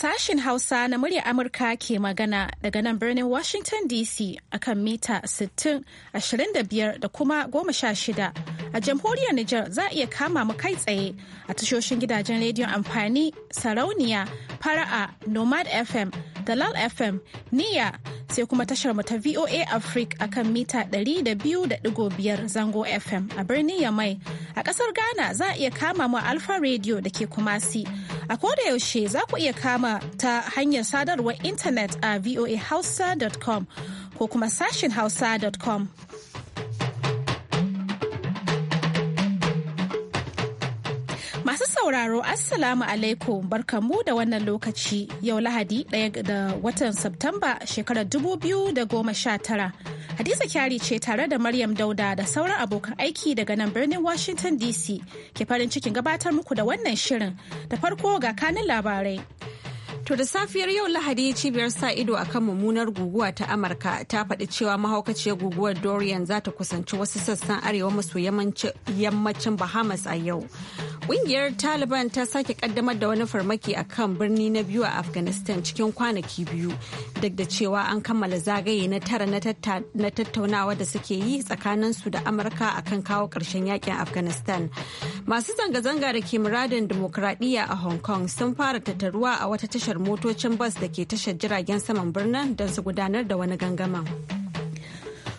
Sashen Hausa na muryar Amurka ke magana daga nan birnin Washington DC akan mita 60, 25 da kuma 16. A jamhuriyar Nijar za a iya kama mu kai tsaye a tashoshin gidajen rediyon amfani, sarauniya, fara'a nomad fm dalal fm niya sai kuma tashar mu ta voa africa akan mita 200.5 zango fm a birnin yamai a ƙasar ghana za a iya kama mu alfa radio da ke kumasi a koda yaushe za ku iya kama ta hanyar sadarwar intanet a voahausa.com ko kuma sashin hausa.com Masu sauraro Assalamu alaikum barkamu da wannan lokaci yau Lahadi ɗaya da watan Septamba shekarar dubu biyu da goma sha tara. Hadiza kyari ce tare da Maryam Dauda da sauran abokan aiki daga nan birnin Washington DC ke farin cikin gabatar muku da wannan shirin da farko ga kanin labarai. To da safiyar yau Lahadi cibiyar sa ido akan mummunar guguwa ta Amurka ta faɗi cewa mahaukaciyar guguwar Dorian za ta kusanci wasu sassan arewa maso yammacin Bahamas a yau. Ƙungiyar Taliban ta sake kaddamar da wani farmaki a kan birni na biyu a Afghanistan cikin kwanaki biyu, duk da cewa an kammala zagaye na tara na tattaunawa da suke yi tsakanin su da Amurka a kan kawo ƙarshen yakin Afghanistan. Masu zanga-zanga da ke muradin dimokuraɗiyya a Hong Kong sun fara tattaruwa a wata tashar motocin bas da ke tashar jiragen saman birnin don su gudanar da wani gangaman.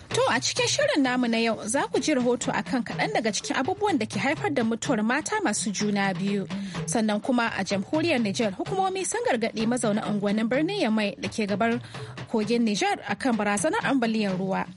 To a cikin shirin namu na yau za ku ji rahoto a kan kaɗan daga cikin abubuwan da ke haifar da mutuwar mata masu juna biyu. Sannan kuma a jamhuriyar Nijar hukumomi sun gargaɗi mazauna unguwannin birnin Yamai da ke gabar kogin Nijar kan barazanar ambaliyar ruwa.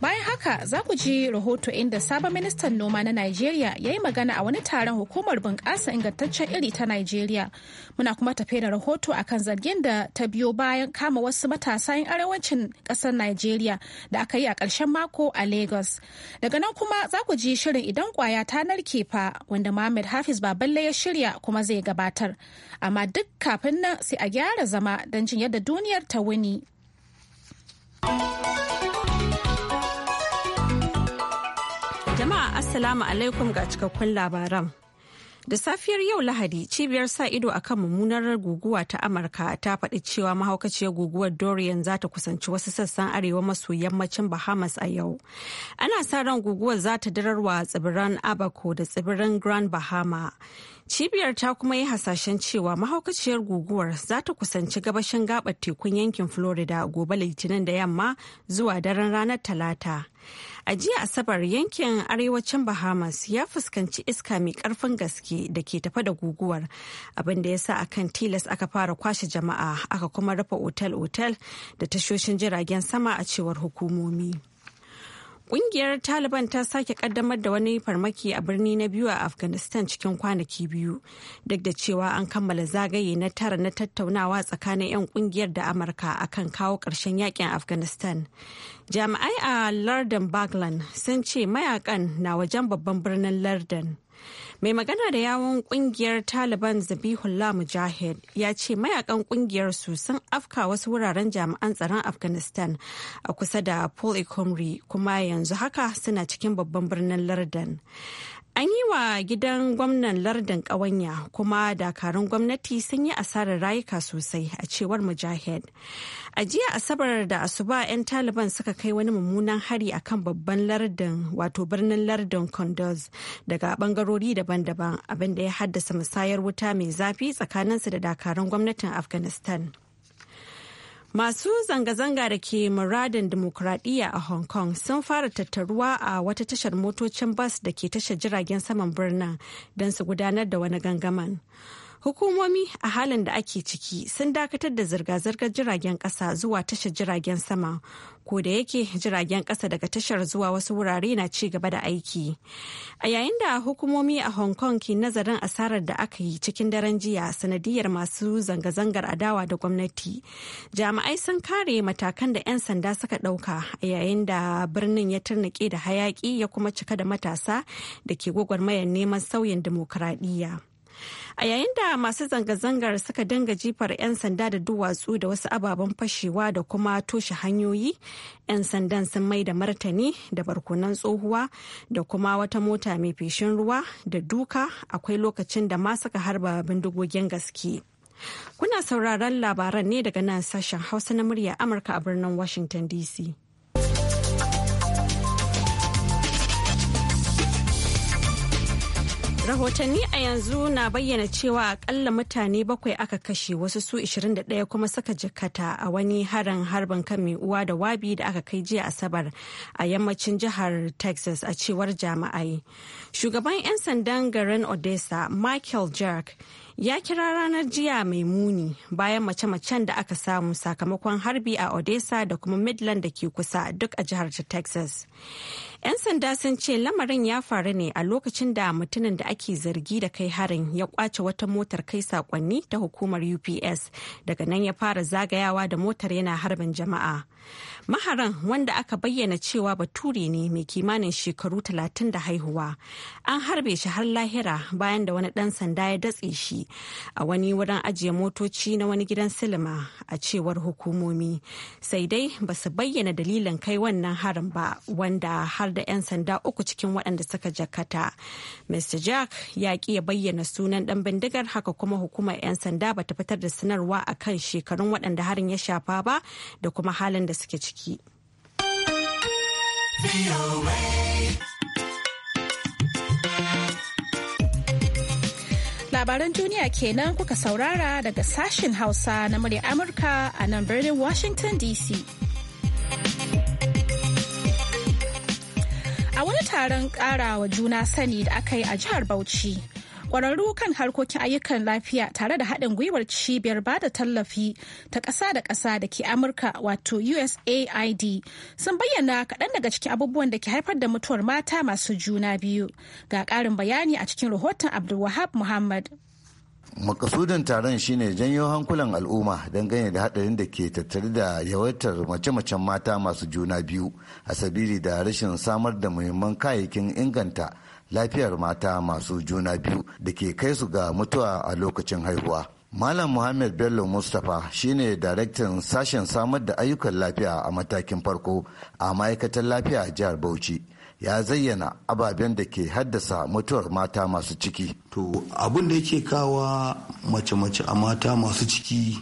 Bayan haka za ku ji rahoto inda sabon ministan noma na Najeriya ya yi magana a wani taron hukumar bunƙasa ingantaccen iri ta Najeriya. Muna kuma tafe da rahoto a kan zargin da ta biyo bayan kama wasu matasa 'yan arewacin ƙasar Najeriya da aka yi a ƙarshen mako a Lagos. Daga nan kuma za ku ji shirin idan kwaya ta narke fa wanda mohammed Hafiz Baballe ya shirya kuma zai gabatar. Amma duk kafin nan sai a gyara zama don jin yadda duniyar ta wuni. Assalamu alaikum ga cikakkun labaran. Da safiyar yau Lahadi, cibiyar sa ido a kan mummunar guguwa ta Amurka ta faɗi cewa mahaukaciyar guguwar Dorian za ta kusanci wasu sassan arewa maso yammacin Bahamas a yau. Ana sa ran guguwar za ta dararwa tsibiran Abaco da tsibirin Grand Bahama. Cibiyar ta kuma yi hasashen cewa mahaukaciyar guguwar za ta kusanci gabashin gabar tekun yankin Florida gobe Litinin da yamma zuwa daren ranar Talata. A jiya Asabar yankin arewacin Bahamas ya fuskanci iska mai karfin gaske da ke tafa da guguwar abinda da ya sa akan tilas aka fara kwashe jama'a aka kuma rufe otal-otal da tashoshin jiragen sama a cewar hukumomi. Kungiyar Taliban ta sake kaddamar da wani farmaki a birni na biyu a Afghanistan cikin kwanaki biyu, duk da cewa an kammala zagaye na tara na tattaunawa tsakanin 'yan kungiyar da Amurka akan kawo ƙarshen yakin Afghanistan. Jami'ai a Lardin Bagland sun ce mayakan na wajen babban birnin Lardin. mai magana da yawon kungiyar taliban zabihullah mujahid ya ce mayakan kungiyar su sun afka wasu wuraren jami'an tsaron afghanistan a kusa da paul kuma yanzu haka suna cikin babban birnin lardan An yi wa gidan gwamnan lardin ƙawanya kuma dakarun gwamnati sun yi asarar rayuka sosai a cewar Mujahid. A jiya Asabar da Asuba 'yan Taliban suka kai wani mummunan hari a kan babban lardin wato birnin lardin condos daga bangarori daban-daban abinda ya haddasa musayar wuta mai zafi tsakaninsu da dakarun gwamnatin Afghanistan. Masu zanga-zanga da ke muradin dimokuraɗiyya a Hong Kong sun fara tattaruwa a wata tashar motocin bas da ke tashar jiragen saman birnin don su gudanar da wani gangaman. Hukumomi a halin da ake ciki sun dakatar da zirga-zirgar jiragen kasa zuwa tashar jiragen sama, ko da yake jiragen kasa daga tashar zuwa wasu wurare na ci gaba da aiki. A yayin da hukumomi a Hong Kong ke nazarin asarar da aka yi cikin daren jiya sanadiyar masu zanga-zangar adawa da gwamnati, jami'ai sun kare matakan da 'yan sanda suka dauka a yayin da birnin ya turnike da hayaƙi ya kuma cika da matasa da ke gwagwarmayar neman sauyin dimokuraɗiyya. A yayin da masu zanga-zangar suka dinga jifar 'yan sanda da duwatsu da wasu ababen fashewa da kuma toshe hanyoyi, 'yan sandan sun mai da martani da barkunan tsohuwa da kuma wata mota mai feshin ruwa da duka akwai lokacin da ma suka harba bindigogin gaske. Kuna sauraron labaran ne daga nan sashen Hausa na murya Amurka a birnin Washington DC. rahotanni a yanzu na bayyana cewa akalla mutane bakwai aka kashe wasu su 21 kuma suka jikata a wani harin harbin kan mai uwa da wabi da aka kai jiya asabar a yammacin jihar texas a cewar jama'ai shugaban 'yan sandan garin odessa michael jack. ya kira ranar jiya mai muni bayan mace-macen da aka samu sakamakon harbi a odessa da kuma midland da ke kusa duk a jihar ta texas 'yan sanda sun ce lamarin ya faru ne a lokacin da mutumin da ake zargi da kai harin ya kwace wata motar kai sakonni ta hukumar ups daga nan ya fara zagayawa da motar yana harbin jama'a maharan wanda aka bayyana cewa bature ne mai kimanin shekaru talatin da haihuwa an harbe shi har lahira bayan da wani dan sanda ya datse shi a wani wurin ajiye motoci na wani gidan silima a cewar hukumomi sai dai ba su bayyana dalilin kai wannan harin ba wanda har da 'yan sanda uku cikin waɗanda suka jakata mr jack ya ki ya bayyana sunan dan bindigar haka kuma hukumar 'yan sanda ba ta fitar da sanarwa a kan shekarun waɗanda harin ya shafa ba da kuma halin da suke ciki. Labaran duniya kenan kuka saurara daga sashen Hausa na murya Amurka a nan birnin Washington DC. A wani taron karawa juna sani da aka yi a jihar Bauchi. Kwararru kan harkokin ayyukan lafiya tare da haɗin gwiwar cibiyar ba da tallafi ta ƙasa da ƙasa da ke Amurka wato USAID sun bayyana kaɗan daga cikin abubuwan da ke haifar da mutuwar mata masu juna biyu. Ga ƙarin bayani a cikin rahoton Abdulwahab Muhammad. makasudin taron shine janyo hankulan al'umma dangane da hadarin da ke tattare da yawaitar mace-macen mata masu juna biyu a sabili da rashin samar da muhimman kayayyakin inganta lafiyar mata masu juna biyu da ke kai su ga mutuwa a lokacin haihuwa. Malam Muhammad Bello Mustapha shine daraktan sashen samar da ayyukan lafiya a matakin farko a ma'aikatar lafiya a jihar Bauchi. ya zayyana ababen da ke haddasa mutuwar mata masu ciki. To abin da yake kawa mace-mace a mata masu ciki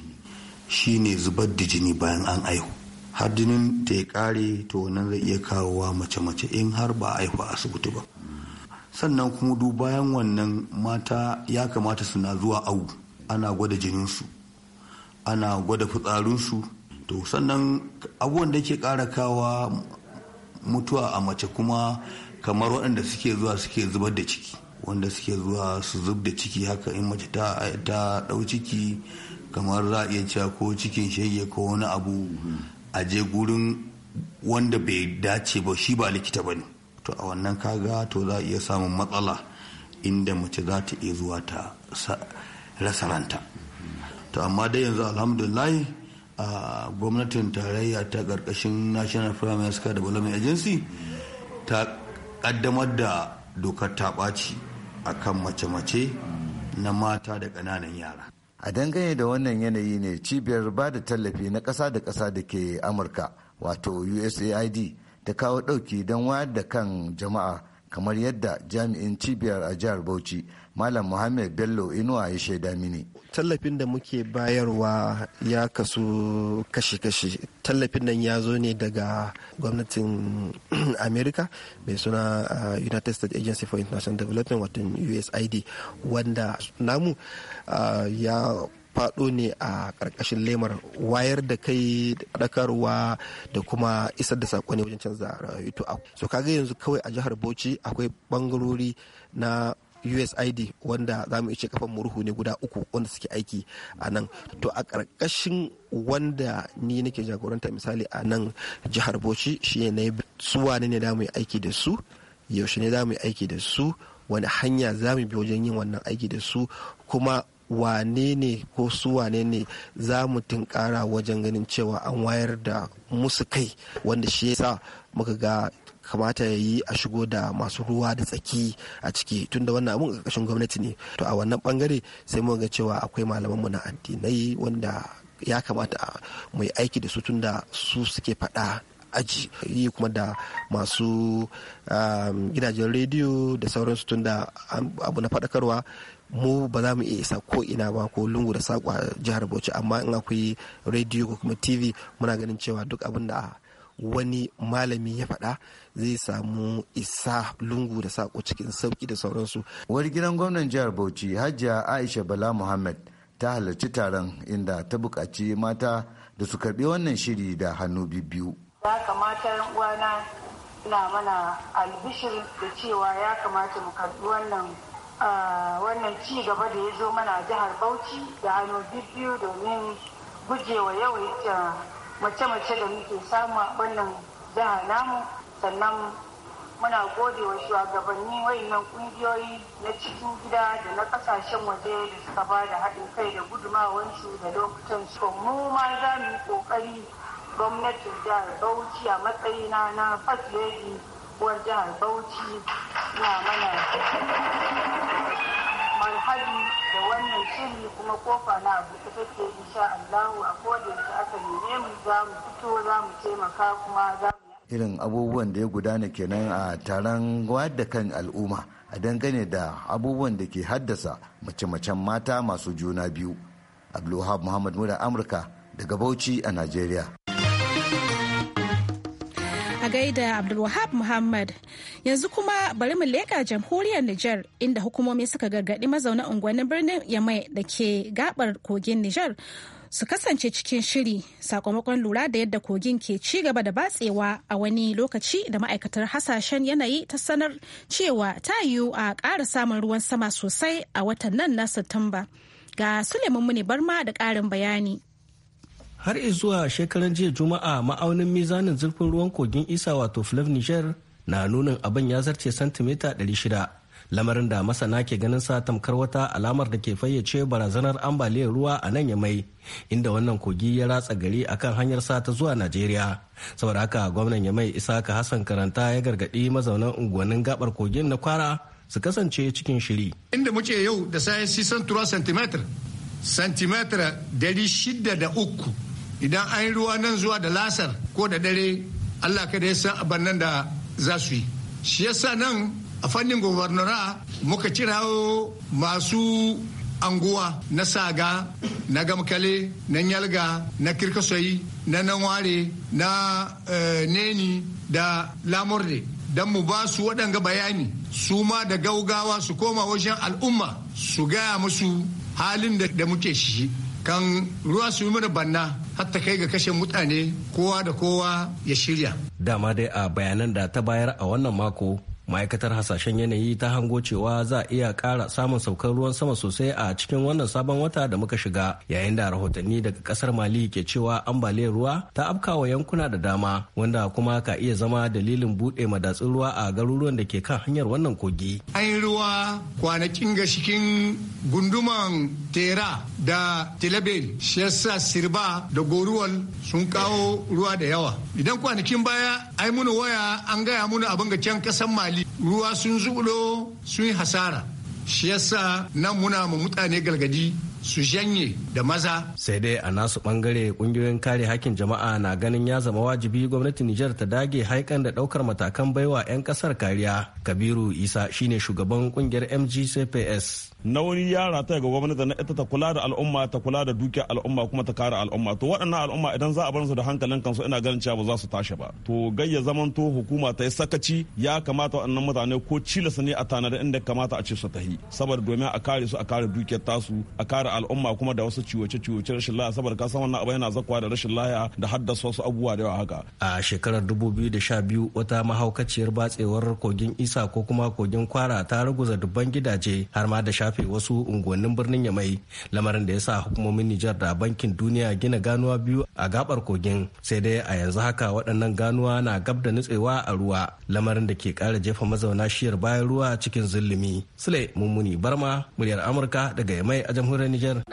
shine zubar da jini bayan an aihu. Har jinin ta ya kare to nan zai iya kawowa mace-mace in har ba a aihu a asibiti ba. sannan kuma du bayan wannan mata ya kamata suna zuwa awu ana gwada jininsu ana gwada fitsarinsu to sannan abubuwan da ke kara kawa mutuwa a mace kuma kamar waɗanda suke zuwa suke zubar da ciki wanda suke zuwa su zub da ciki haka in mace ta ɗau ciki kamar za a iya cewa ko cikin shege ko wani abu a je gurin wanda bai dace ba shi ba likita ba ne to a wannan kaga to za a iya samun matsala inda mace za ta iya zuwa ta rasa ranta to amma dai yanzu alhamdulillahi a gwamnatin tarayya ta karkashin national primary care development agency ta kaddamar da dokar ta ɓaci a kan mace-mace na mata da ƙananan yara a dangane da wannan yanayi ne cibiyar ba da tallafi na ƙasa da ƙasa da ke amurka wato usaid ta kawo ɗauki don wayar da kan jama'a kamar yadda jami'in cibiyar a jihar bauchi malam muhammed bello inuwa ya shaida mini tallafin da muke bayarwa ya kasu kashi-kashi tallafin nan ya zo ne daga gwamnatin america mai suna uh, united states agency for international development wato usaid wanda namu uh, ya faɗo ne a ƙarƙashin lemar wayar da kai ɗakarwa da kuma isar da saƙo ne wajen canza rayu to so kaga yanzu kawai a jihar bauchi akwai ɓangarori na usid wanda za mu ce kafan murhu ne guda uku wanda suke aiki a nan to a ƙarƙashin wanda ni nake jagoranta misali a nan jihar bauchi shi ne su wane ne za mu yi aiki da su yaushe ne za mu yi aiki da su wani hanya za mu bi wajen yin wannan aiki da su kuma wane ne ko su wane ne za mu tunkara wajen ganin cewa an wayar da musu kai wanda shi yasa muka ga kamata ya yi a shigo da masu ruwa da tsaki a ciki tunda wannan abun ƙarƙashin gwamnati ne to a wannan bangare sai mu ga cewa akwai malamanmu na addinai wanda ya kamata mu yi aiki da su tunda su suke faɗa aji yi kuma da masu ah, gidajen rediyo da sauransu tunda abu na faɗakarwa mu ba za mu iya isa ko ina ba ko lungu da saƙo a jihar bauchi amma in akwai rediyo ko kuma tv muna ganin cewa duk abin da wani malami ya faɗa zai samu isa lungu da saƙo cikin sauƙi da sauransu wani gidan gwamnan jihar bauchi hajiya aisha bala muhammad ta halarci taron inda ta buƙaci mata da su karɓi wannan shiri da hannu biyu ya kamata uwana na mana albishir da cewa ya kamata mu karɓi wannan wannan ci gaba da ya zo mana jihar bauchi da hannu biyu domin gujewa yawaita mace-mace da muke samu a wannan jihar namu sannan muna gode wa shugabanni wayannan kungiyoyi na cikin gida da na kasashen waje da suka ba da haɗin kai da su da lokutan su mu ma za mu yi ƙoƙari gwamnatin jihar bauchi a matsayina na first lady uwar jihar bauchi na mana marhabi da wannan shiri kuma kofa na abu ta take insha allahu a kodayaushe aka nemi mu za mu fito za mu taimaka kuma za mu irin abubuwan da ya gudana kenan a taron wayar da kan al'umma a dangane da abubuwan da ke haddasa mace-macen mata masu juna biyu abdulwahab muhammad muda amurka daga bauchi a najeriya da Abdulwahab Muhammad. Yanzu kuma bari mu leƙa jamhuriyar Nijar inda hukumomi suka gargaɗi mazauna unguwannin birnin Yamai da ke gabar kogin Nijar su kasance cikin shiri sakamakon lura da yadda kogin ke ci gaba da batsewa a wani lokaci da ma'aikatar hasashen yanayi ta sanar cewa ta yiwu a ƙara samun ruwan sama sosai a watan nan na Satumba. Ga Suleiman Muni Barma da ƙarin bayani. har zuwa shekaran jiya juma'a ma'aunin mizanin zurfin ruwan kogin isa wato flav niger na nunin abin ya zarce santimita 600 lamarin da masana ke ganin sa tamkar wata alamar da ke fayyace barazanar ambaliyar ruwa a nan yamai inda wannan kogi ya ratsa gari akan hanyar sa ta zuwa najeriya saboda haka gwamnan yamai isaka hassan karanta ya gargadi mazaunan unguwannin gabar kogin na kwara su kasance cikin shiri inda muke yau da sayan 6 cm cm 603 idan an yi ruwa nan zuwa da lasar ko da dare allah kada ya san abin nan da za su yi shi yasa nan a fannin gwamnora muka kirawo masu anguwa na saga na gamkale na nyalga na kirkasoyi na nanware na eh, neni da lamurde don mu ba su waɗanga bayani su ma da gaugawa su koma wajen al'umma su gaya musu halin da muke shi kan ruwa su yi mana banna har ta kai ga kashe mutane kowa da kowa ya shirya dama dai a bayanan da ta bayar a wannan mako ma'aikatar hasashen yanayi ta hango cewa za a iya kara samun saukar ruwan sama sosai a cikin wannan sabon wata da muka shiga yayin da rahotanni daga kasar mali ke cewa ambaliyar ruwa ta afkawa yankuna da dama wanda kuma ka iya zama dalilin buɗe madatsun ruwa a garuruwan da ke kan hanyar wannan kogi an ruwa kwanakin ga cikin gunduman tera da telebel shiyasa sirba da goruwal sun kawo ruwa da yawa idan kwanakin baya ai muna waya an gaya muna abin ga can kasan mali hali ruwa sun zubulo sun yi hasara shi yasa nan muna ma mutane galgadi su janye da maza. Sai dai a nasu bangare kungiyoyin kare hakkin jama'a na ganin ya zama wajibi gwamnatin Nijar ta dage haikan da daukar matakan baiwa 'yan kasar kariya. Kabiru Isa shine shugaban kungiyar MGCPS. na wani yara ta ga gwamnati na ita ta kula da al'umma ta kula da dukiyar al'umma kuma ta kare al'umma. To waɗannan al'umma idan za a bar su da hankalin kansu ina ganin cewa ba za su tashi ba. To gayya zamanto hukuma ta yi sakaci ya kamata waɗannan mutane ko cilasa ne a tanada inda kamata a ce su tahi. Saboda domin a kare su a kare dukiyar tasu a kare al'umma kuma da wasu ciwoce-ciwoce rashin laya saboda kasan wannan abu yana zakwa da rashin laya da haddasa wasu abubuwa da yawa haka. A shekarar 2012 wata mahaukaciyar batsewar kogin isa ko kuma kogin kwara ta ruguza dubban gidaje har ma da shafe wasu unguwannin birnin Yamai lamarin da ya sa hukumomin Nijar da bankin duniya gina ganuwa biyu a gabar kogin sai dai a yanzu haka waɗannan ganuwa na gab da nutsewa a ruwa lamarin da ke ƙara jefa mazauna shiyar bayan ruwa cikin zulumi. Sule Mummuni Barma muryar Amurka daga Yamai a jamhuriyar Nijar. Niger.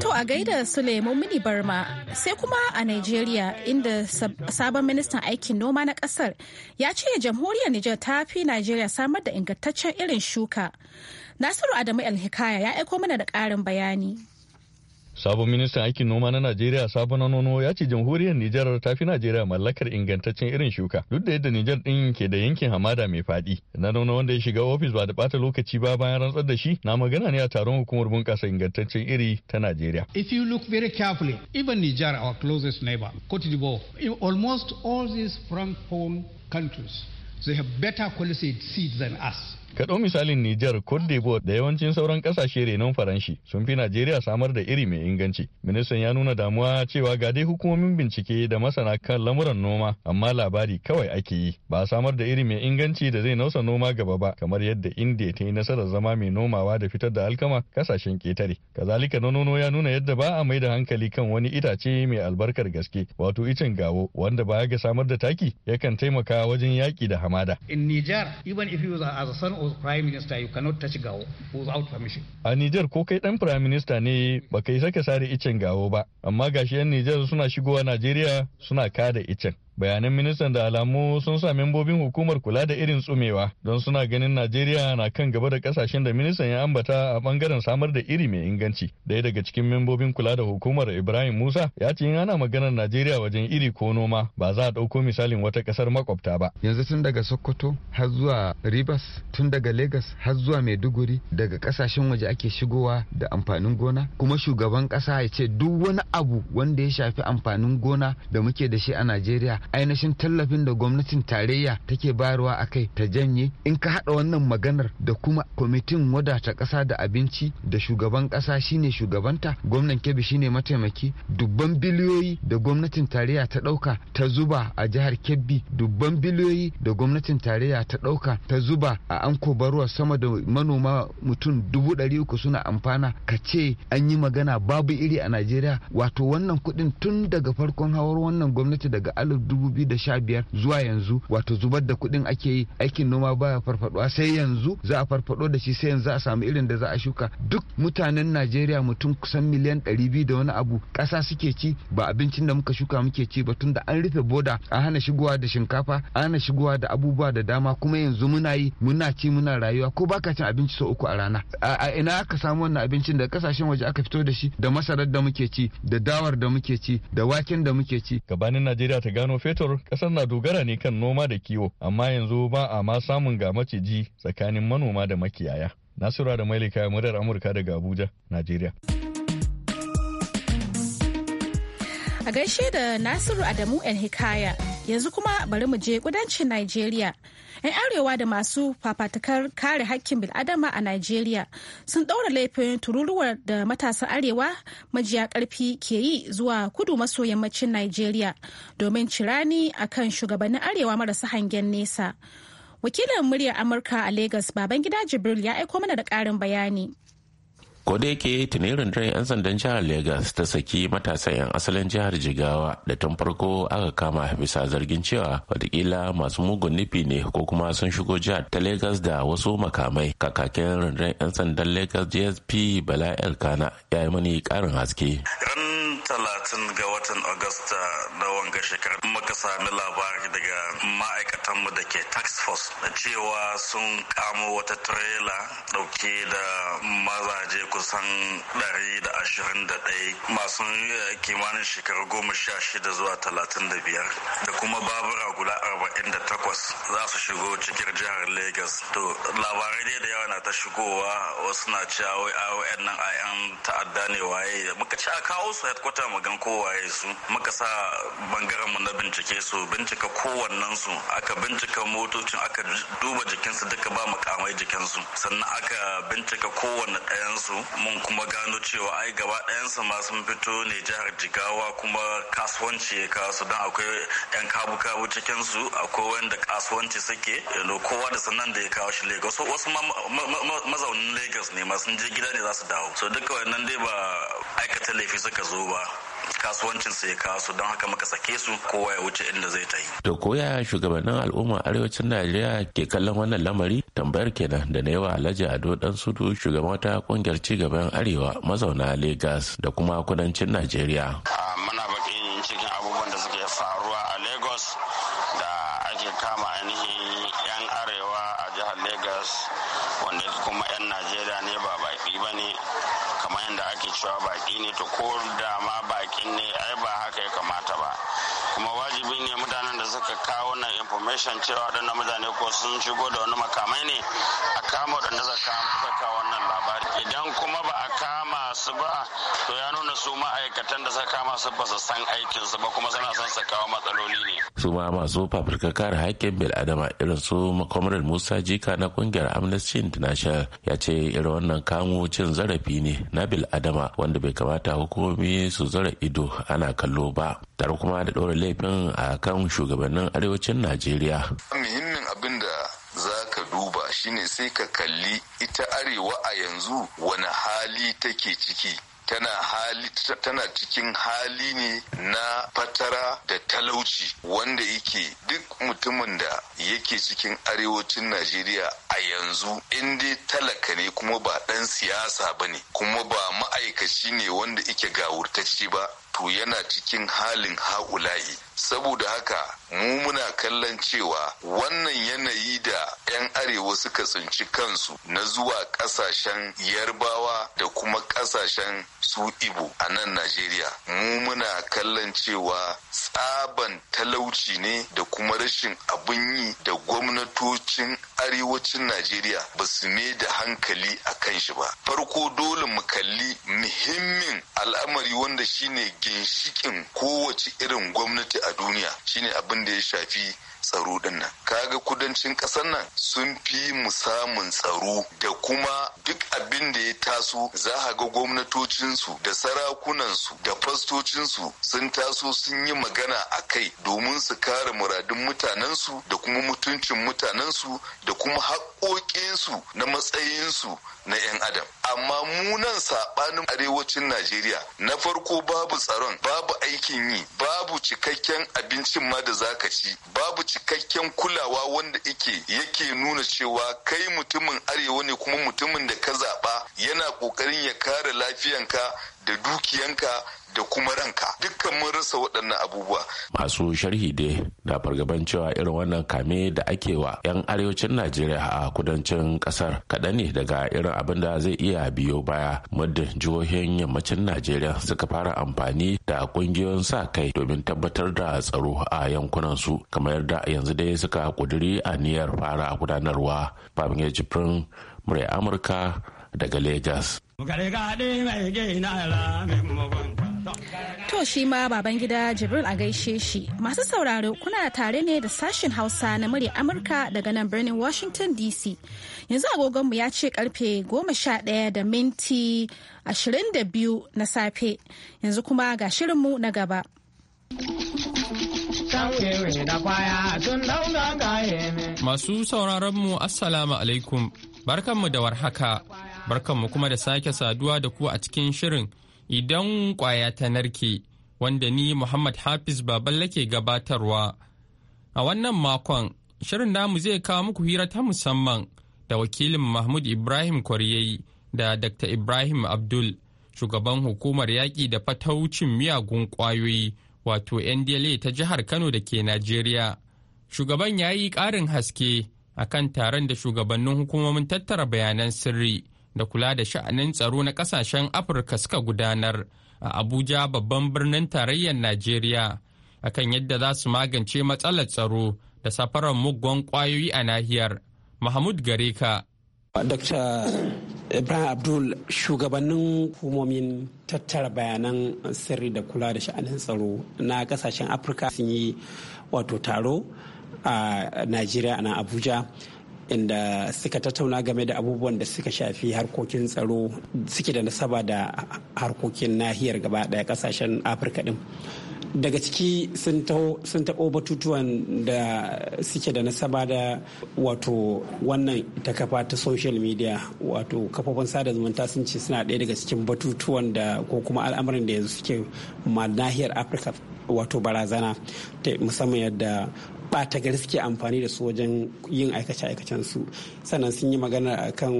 To a gaida Suleiman Mini Barma sai kuma a Najeriya inda sabon ministan aikin noma na kasar ya ce jamhuriyar Nijar ta fi Najeriya samar da ingantaccen irin shuka. Nasiru Adamu Alhikaya ya aiko mana da ƙarin bayani. Sabon ministan aikin noma na Najeriya Sabon Nono ya ce jamhuriyar Nijar ta fi Najeriya mallakar ingantaccen irin shuka duk da yadda Nijar din ke da yankin hamada mai faɗi. Na nono wanda ya shiga ofis ba da bata lokaci ba bayan rantsar da shi na magana ne a taron hukumar bunƙasa ingantaccen iri ta Najeriya. If you look very carefully, even Nijar our closest neighbor, Cote d'Ivoire, almost all these francophone countries, they have better quality seeds than us. Kaɗo misalin Nijar, Cote d'Ivoire da yawancin sauran ƙasashe renon Faranshi sun fi Najeriya samar da iri mai inganci. Ministan ya nuna damuwa cewa ga dai hukumomin bincike da masana kan lamuran noma, amma labari kawai ake yi. Ba a samar da iri mai inganci da zai nausa noma gaba ba, kamar yadda India ta yi nasarar zama mai nomawa da fitar da alkama kasashen ƙetare. Kazalika nono ya nuna yadda ba a mai da hankali kan wani itace mai albarkar gaske, wato icen gawo, wanda baya ga samar da taki yakan taimaka wajen yaƙi da hamada. In Nijar, prime minister you cannot touch gawo without permission a Nijar ko kai dan prime minister ne baka kai sake sare icen gawo ba amma gashi yan Nijar suna shigowa Najeriya suna kada icen bayanan ministan da alamu sun sa membobin hukumar kula da irin tsumewa don suna ganin najeriya na kan gaba da kasashen da ministan ya ambata a bangaren samar da iri mai inganci daya daga cikin membobin kula da hukumar ibrahim musa ya ce in ana maganar najeriya wajen iri ko noma ba za a ɗauko misalin wata ƙasar makwabta ba yanzu tun daga sokoto har zuwa rivers tun daga lagos har zuwa maiduguri daga kasashen waje ake shigowa da amfanin gona kuma shugaban ƙasa ya ce duk wani abu wanda ya shafi amfanin gona da muke da shi a najeriya ainihin tallafin da gwamnatin tarayya take bayarwa a kai ta janye in ka haɗa wannan maganar da kuma kwamitin wadata ƙasa da abinci da shugaban ƙasa shine shugabanta gwamnan kebbi shine mataimaki dubban biliyoyi da gwamnatin tarayya ta ɗauka ta zuba a jihar kebbi dubban biliyoyi da gwamnatin tarayya ta ɗauka ta zuba a anko baruwa sama da manoma mutum dubu ɗari uku suna amfana ka ce an yi magana babu iri a najeriya wato wannan kuɗin tun daga farkon hawar wannan gwamnati daga alif 2015 zuwa yanzu wato zubar da kuɗin ake yi aikin noma baya farfadowa sai yanzu za a farfado da shi sai yanzu a samu irin da za a shuka duk mutanen Najeriya mutum kusan miliyan 200 da wani abu ƙasa suke ci ba abincin da muka shuka muke ci ba tunda an rufe boda a hana shigowa da shinkafa a hana shigowa da abubuwa da dama kuma yanzu muna yi muna ci muna rayuwa ko baka cin abinci sau uku a rana a ina aka samu wannan abincin da kasashen waje aka fito da shi da masarar da muke ci da dawar da muke ci da waken da muke ci gabanin Najeriya ta gano fetur kasar na dogara ne kan noma da kiwo amma yanzu ba a ma samun ga maciji tsakanin manoma da makiyaya nasura da mailika murar amurka daga abuja najeriya a gaishe da nasiru adamu yan hikaya yanzu kuma bari mu je kudancin Najeriya. 'Yan arewa da masu fafatakar kare hakkin bil'adama a Najeriya sun ɗaura laifin tururuwar da matasan arewa majiya ƙarfi ke yi zuwa kudu maso yammacin Najeriya domin cirani a kan shugabannin arewa marasa hangen nesa. Wakilin muryar Amurka a Legas Babangida Jibril ya aiko mana da ƙarin bayani. ko da yake tuni rundunar 'yan sandan jihar Legas ta saki matasan 'yan asalin jihar jigawa da tun farko aka kama bisa zargin cewa watakila masu mugun nufi ne ko kuma sun shigo jihar ta Legas da wasu makamai kakakin rindirin 'yan sandan lagos gsp bala elkana ya yi mani karin haske ran talatin ga watan Agusta. na wanga shekarar muka sami labari daga ma'aikatanmu da ke tax force cewa sun kamo wata trailer dauke da mazaje kusan 121 masu eh, kimanin shekaru goma sha shida zuwa talatin da biyar da kuma babura guda arba'in da za su shigo cikin jihar lagos to labarai ne da yawa na ta shigowa wasu na cewa wai ah, nan ayan ta'adda ne waye muka ci a kawo su headquarter magan ko waye su muka sa bangaren mu na bincike su bincika kowannen su aka bincika motocin aka duba jikinsu duka ba makamai jikinsu sannan aka bincika kowanne ɗayansu mun kuma gano cewa ai gaba ɗayansu ma sun fito ne jihar jigawa kuma kasuwanci ya kasu don akwai 'yan kabu-kabu cikinsu akwai wanda kasuwanci suke kowa da sannan da ya kawo shi lagos wasu mazaunin lagos ne ma sun je gida ne za su dawo so duka wannan dai ba aikata laifi suka zo ba kasuwancin su ya kasu don haka muka sake su kowa ya wuce inda zai ta yi. To ya shugabannin al'umma arewacin Najeriya ke kallon wannan lamari tambayar kenan da na yawa Alhaji Ado Dan Sudu shugaban ta kungiyar gaban Arewa mazauna Legas da kuma kudancin Najeriya. Muna bakin cikin abubuwan da suke faruwa a Lagos ake kama ainihin 'yan arewa a jihar Legas wanda kuma 'yan Najeriya ne ba baki ba ne kamar yadda ake cewa baki ne to ko da ma bakin ne ai ba haka ya kamata ba. kuma wajibi ne mutanen da suka kawo wannan information cewa waɗannan mutane ko sun shigo da wani makamai ne a kama waɗanda suka kawo wannan labari idan kuma ba a kama su ba to ya nuna su ma'aikatan da suka kama su ba su san aikin su ba kuma suna son su kawo matsaloli ne su ma masu fafirka kare haƙƙin adama, irin su comrade musa jika na kungiyar amnesty international ya ce irin wannan kamu cin zarafi ne na bil adama, wanda bai kamata hukumomi su zara ido ana kallo ba tare kuma da ɗora laifin a kan shugabannin arewacin najeriya muhimmin abin da za ka duba shine sai ka kalli ita arewa a yanzu wani hali take ciki tana cikin hali ne na fatara da talauci wanda yake duk mutumin da yake cikin arewacin Najeriya a yanzu in talaka ne kuma ba dan siyasa ba ne kuma ba ma'aikaci ne wanda yake gawurtacce ba to yana cikin halin ha'ula'i saboda haka mu muna kallon cewa wannan yanayi da 'yan arewa suka tsinci kansu na zuwa kasashen yarbawa da kuma kasashen su ibo a nan najeriya mu muna kallon cewa tsaban talauci ne da kuma rashin abin yi da gwamnatocin arewacin najeriya ba su ne da hankali a kan shi ba farko dole mu kalli muhimmin al'amari wanda shine ginshikin kowace irin gwamnati a duniya shine abin da ya shafi tsaro din nan kaga kudancin ƙasar nan sun fi mu samun tsaro da kuma duk abin da ya taso za a ga gwamnatocinsu da sarakunansu da fastocinsu sun taso sun yi magana a kai domin su kare muradun mutanensu da kuma mutuncin mutanensu da kuma haƙoƙinsu na matsayinsu na 'yan adam amma munan saɓanin arewacin najeriya na farko babu tsaron babu aikin yi babu cikakken abincin ma da zaka ci babu cikakken kulawa wanda ike yake nuna cewa kai mutumin arewa ne kuma mutumin da ka zaɓa yana ƙoƙarin ya kare lafiyanka da dukiyanka da kuma ranka dukkan mun rasa waɗannan abubuwa. Masu sharhi dai na fargaban cewa irin wannan kame da ake wa 'yan arewacin Najeriya a kudancin kasar kaɗan ne daga irin abin da zai iya biyo baya muddin jihohin yammacin Najeriya suka fara amfani da ƙungiyoyin sa kai domin tabbatar da tsaro a yankunan su kamar yadda yanzu dai suka ƙuduri niyyar fara gudanarwa. Babin Jibrin Murya Amurka daga Legas. To shi ma baban gida Jibril a gaishe shi. Masu sauraro kuna tare ne da sashen Hausa na murya Amurka daga nan birnin Washington DC. Yanzu agogonmu ya ce karfe goma sha daya da minti ashirin da biyu na safe. Yanzu kuma ga shirinmu na gaba. Masu sauraronmu Assalamu alaikum. Barkanmu da warhaka. Barkanmu kuma da sake saduwa da ku a cikin shirin idan kwaya ta narke wanda ni Muhammad Hafiz Baballe ke gabatarwa. A wannan makon, shirin namu zai kawo muku hira ta musamman da wakilin Mahmud Ibrahim Kwaryayi da Dr. Ibrahim Abdul, shugaban hukumar yaƙi da fataucin miyagun ƙwayoyi wato NDLA ta jihar Kano da ke Najeriya. Shugaban ya yi ƙarin haske a kan taron da shugabannin hukumomin tattara bayanan sirri da kula da sha'anin tsaro na kasashen afirka suka gudanar a abuja babban birnin tarayyar najeriya akan yadda za su magance matsalar tsaro da safarar muggan kwayoyi a nahiyar mahmud gareka Dr. Ibrahim Abdul shugabannin hukumomin tattara bayanan sirri da kula da sha'anin tsaro na kasashen Afirka sun yi wato taro a Najeriya a Abuja inda suka tattauna game da abubuwan da suka shafi harkokin tsaro suke da nasaba da harkokin nahiyar gaba daya kasashen afirka din daga ciki sun taɓo batutuwan da suke da nasaba da wato wannan ta kafa ta social media wato kafofin sada zumunta sun ce suna ɗaya daga cikin batutuwan da ko kuma al'amarin da yanzu suke ma nahiyar afirka wato barazana musamman yadda ɓata gari suke amfani da su wajen yin aikace-aikacen su sannan sun yi magana kan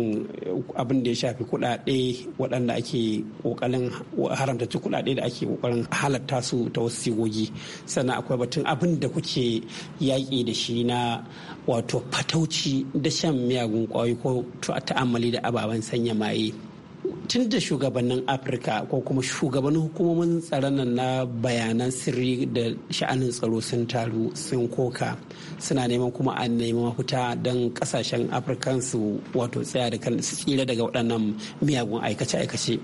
abin da ya shafi kuɗaɗe waɗanda ake ƙoƙarin haramta ci kuɗaɗe da ake ƙoƙarin halatta su ta wasu sigogi sannan akwai batun abin da kuke yaƙi da shi na wato fatauci da shan miyagun ƙwayoyi ko ta'ammali da ababen sanya maye tun da shugabannin afirka ko kuma shugabannin hukumomin tsaron nan na bayanan sirri da sha'anin tsaro sun taru sun koka suna neman kuma a neman mafita don kasashen afirkan su wato tsaya da kan su tsira daga waɗannan miyagun aikace-aikace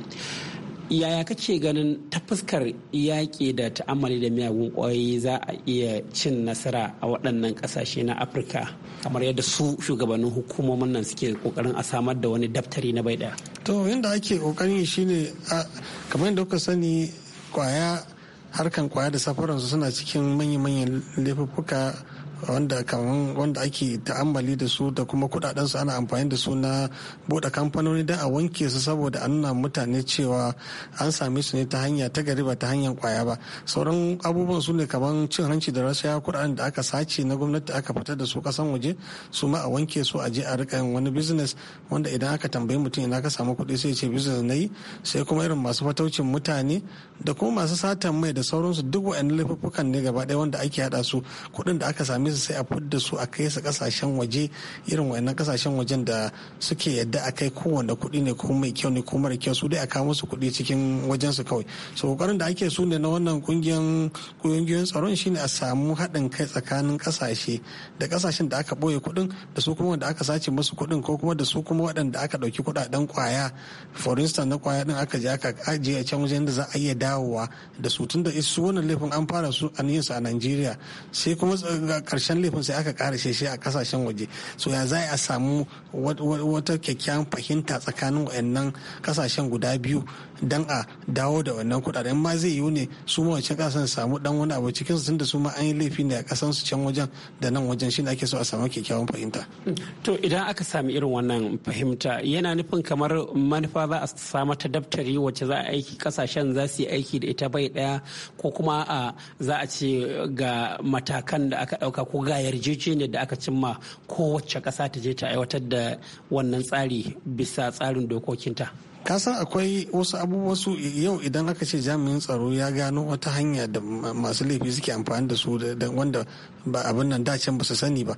yaya kake ganin ta fuskar yaƙi da ta'amali da miyagun ƙwayoyi za a iya cin nasara a waɗannan ƙasashe na afirka kamar yadda su shugabannin hukumomin nan suke ƙoƙarin a samar da wani daftari na baida to yadda ake ƙoƙarin shine kamar yadda kuka sani kwaya harkan kwaya da safaransu suna cikin manya-manyan laifuka wanda wanda ake ta'ammali da su da kuma kudaden su ana amfani da su na bude kamfanoni da a wanke su saboda an nuna mutane cewa an same su ne ta hanya ta gari ba ta hanyar kwaya ba sauran abubuwan su ne kaman cin hanci da rashaya kudaden da aka sace na gwamnati aka fitar da su kasan waje su ma a wanke su a je a rika yin wani business wanda idan aka tambayi mutum ina ka samu kuɗi sai ce business na yi sai kuma irin masu fataucin mutane da kuma masu satan mai da sauransu duk wa'annan laifuffukan ne gaba ɗaya wanda ake haɗa su kuɗin da aka same same sai a fidda su a kai su kasashen waje irin wayannan kasashen wajen da suke yadda a kai kowanne kuɗi ne ko mai kyau ne ko mara kyau su dai a kawo musu kuɗi cikin wajen su kawai so kokarin da ake su ne na wannan kungiyan kungiyoyin tsaron shine a samu haɗin kai tsakanin kasashe da kasashen da aka boye kuɗin da su kuma da aka sace musu kuɗin ko kuma da su kuma waɗanda aka ɗauki kuɗaɗen kwaya for instance na kwaya din aka je aka ajiye a can wajen da za a iya dawowa da su tun da su wannan laifin an fara su an yin su a Najeriya sai kuma karshen laifin sai aka kara shi a kasashen waje so ya za a samu wata kyakkyawan fahimta tsakanin wayannan kasashen guda biyu dan a dawo da wannan kudaden ma zai yi ne su ma wancan kasan samu dan wani abu cikin su tunda su ma an yi laifi ne a kasan su can wajen da nan wajen shine ake so a samu kyakkyawan fahimta to idan aka sami irin wannan fahimta yana nufin kamar manufa za a samu ta daftari wacce za a aiki kasashen za su yi aiki da ita bai daya ko kuma za a ce ga matakan da aka dauka ko ga yarjejeniyar da aka cimma kowace ƙasa ta je ta aiwatar da wannan tsari bisa tsarin dokokinta ka san akwai wasu abubuwa su yau idan aka ce jami'in tsaro ya gano wata hanya da masu laifi suke amfani da su da wanda ba abin nan dacen ba su sani ba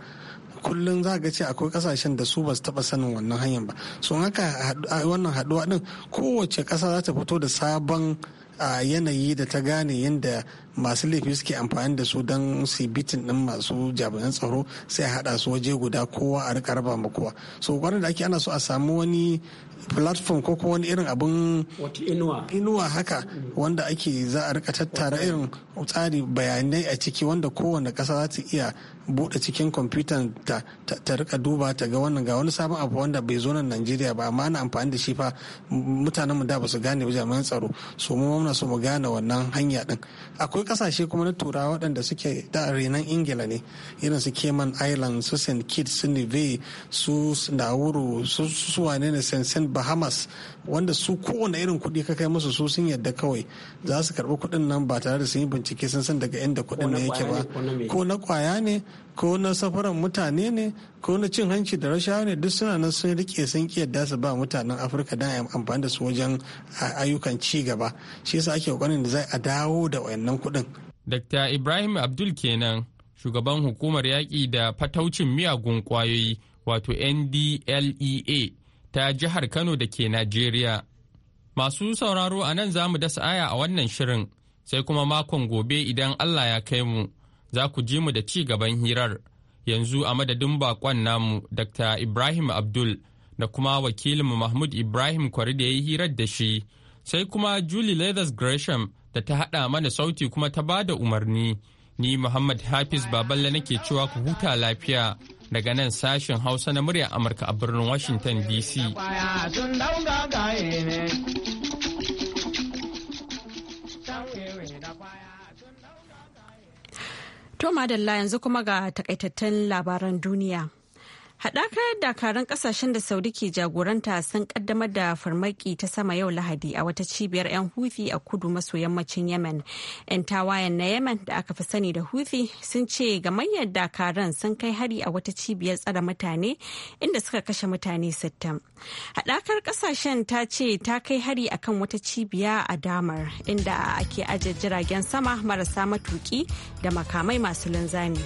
kullum za ga ce akwai kasashen da su ba su taba sanin wannan hanyar ba so haka wannan haduwa din kowace kasa za ta fito da sabon yanayi da ta gane yadda masu laifi suke amfani da su don su bitin din masu jami'an tsaro sai a haɗa su waje guda kowa a rika raba ma kowa so kwanan da ake ana so a samu wani platform ko wani irin abin inuwa haka wanda ake za a rika tattara irin tsari bayanai a ciki wanda kowane kasa za ta iya bude cikin kwamfutan ta ta rika duba ta ga wannan ga wani sabon abu wanda bai zo nan Najeriya ba amma ana amfani da shi fa mutanen da ba su gane ba jami'an tsaro so mu muna so mu gane wannan hanya din akwai akwai kasashe kuma na turawa waɗanda suke da renan ingila ne irin su cayman island su st kitts su nevis su nauru su wane ne st bahamas wanda su kowane irin kuɗi ka kai musu su sun yadda kawai za su karɓi kuɗin nan ba tare da sun yi bincike sun san daga inda kuɗin nan yake ba ko na kwaya ne ko na safaran mutane ne ko na cin hanci da rashawa ne duk suna nan sun rike sun yadda su ba mutanen afirka don amfani da su wajen ayyukan ci gaba shi yasa ake kokarin da za a dawo da wayannan kuɗin. dr ibrahim abdul kenan shugaban hukumar yaƙi da fataucin miyagun ƙwayoyi wato ndlea ta jihar Kano da ke Najeriya. Masu sauraro a nan za mu dasa aya a wannan shirin sai kuma makon gobe idan Allah ya kai mu za ku ji mu da ci gaban hirar. Yanzu a madadin bakon namu Dr. Ibrahim Abdul da kuma wakilinmu Mahmud Ibrahim Kwari da ya yi hirar da shi sai kuma Julie Leathers Gresham da ta haɗa mana sauti kuma ta ba da umarni. Ni Muhammad Hafiz Baballe nake cewa ku huta lafiya. daga nan sashen Hausa na muryar Amurka a birnin Washington DC. To madalla yanzu kuma ga takaitattun labaran duniya. Haɗakar dakarun ƙasashen da Saudi ke jagoranta sun ƙaddamar da farmaki ta sama yau Lahadi a wata cibiyar 'yan Houthi a kudu maso yammacin Yemen. 'Yan tawayen na Yemen da aka fi sani da Houthi sun ce gamayyar dakaran sun kai hari a wata cibiyar tsare mutane inda suka kashe mutane 60. Haɗakar ƙasashen ta ce ta kai hari akan wata cibiya a Damar inda ake ajiye jiragen sama marasa matuki da makamai masu linzami.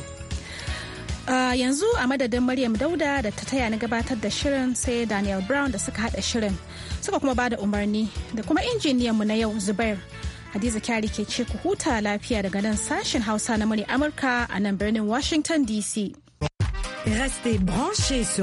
Uh, yanzu a madadin Maryam Dauda da ta taya ni gabatar da shirin sai Daniel Brown da suka hada shirin suka kuma bada umarni da kuma injiniyan mu na yau Zubair. Hadiza Kyari ke ce ku huta lafiya daga nan sashen Hausa na murya Amurka a nan birnin Washington DC. Restez branchés